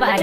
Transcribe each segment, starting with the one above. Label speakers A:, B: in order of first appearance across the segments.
A: Bye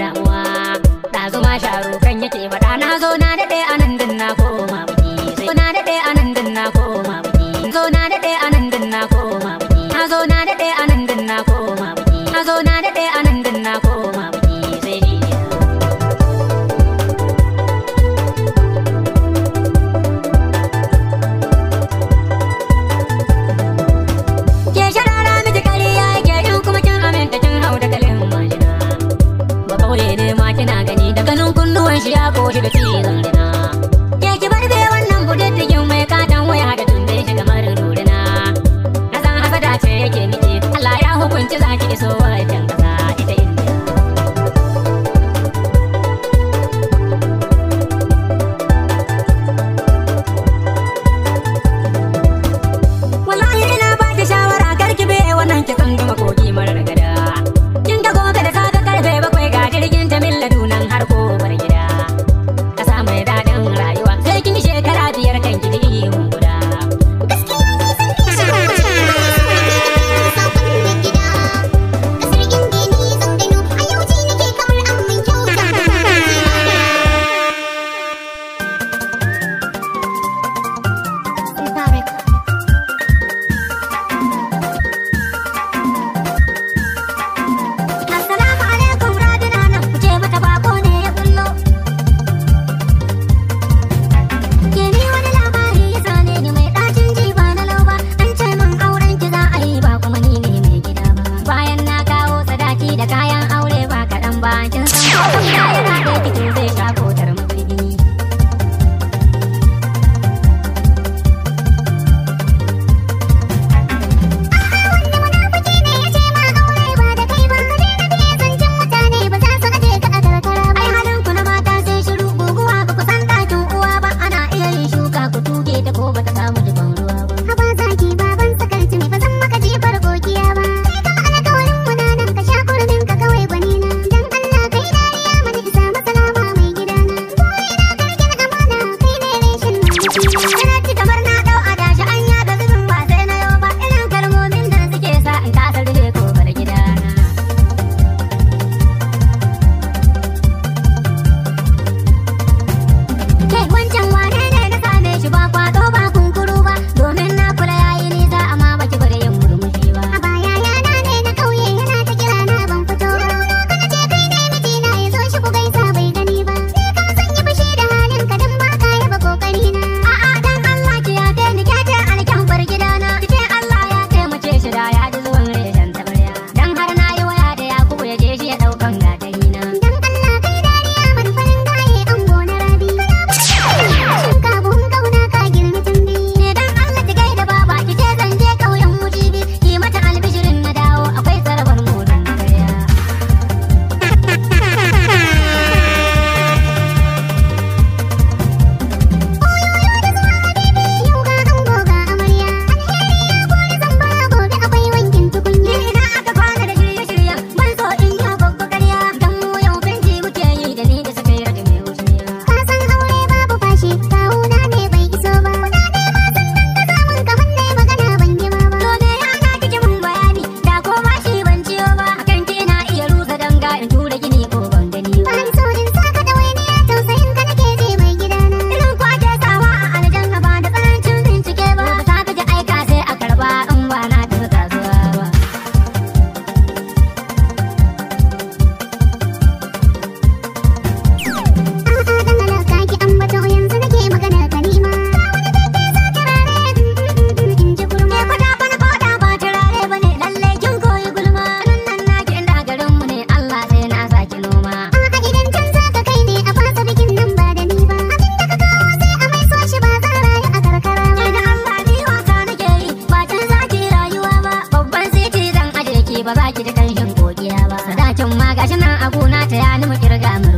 A: gashi nan a gona ta ya nemi kirga mu